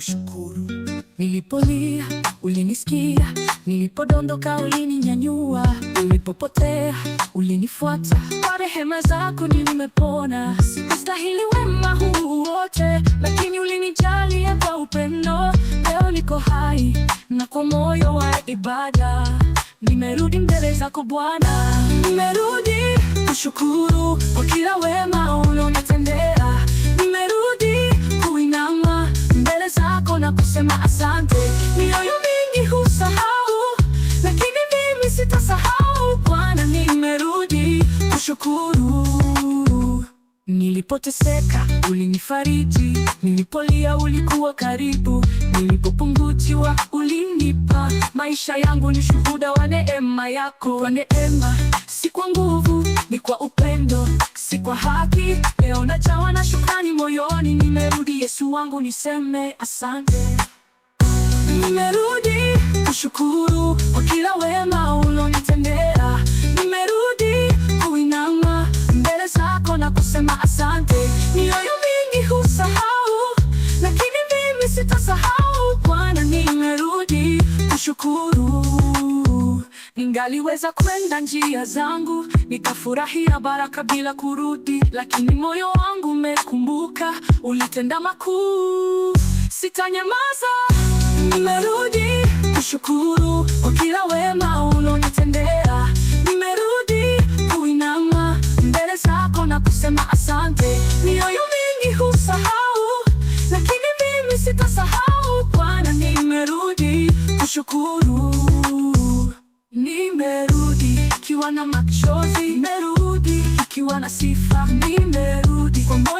kushukuru. Nilipolia ulinisikia, nilipodondoka ulininyanyua, nilipopotea ulinifuata. Kwa rehema zako nimepona. Sikustahili wema huu wote, lakini ulinijalia kwa upendo. Leo niko hai na kwa moyo wa ibada nimerudi mbele zako Bwana, nimerudi kushukuru. Mioyo mingi husahau, lakini mimi sitasahau. Bwana, nimerudi kushukuru. Nilipoteseka ulinifariji, nilipolia ulikuwa karibu, nilipopungutiwa ulinipa. Maisha yangu ni shuhuda wa neema yako. Kwa neema, si kwa nguvu, ni kwa upendo, si kwa haki. Leo najawa na shukrani moyoni, nimerudi Yesu wangu, niseme asante. Nimerudi kushukuru kwa kila wema ulionitendea, Nimerudi kuinama mbele zako na kusema asante. Mioyo mingi husahau, lakini mimi sitasahau. Bwana, nimerudi kushukuru. Ningaliweza kwenda njia zangu nikafurahia baraka bila kurudi, lakini moyo wangu umekumbuka, ulitenda makuu. Sitanyamaza. Nimerudi kushukuru kwa kila wema ulonitendea. Nimerudi kuinama mbele zako na kusema asante. Mioyo mingi husahau, lakini mimi sitasahau. Bwana, nimerudi kushukuru. Nimerudi ikiwa na machozi, nimerudi ikiwa na sifa, nimerudi kwa moyo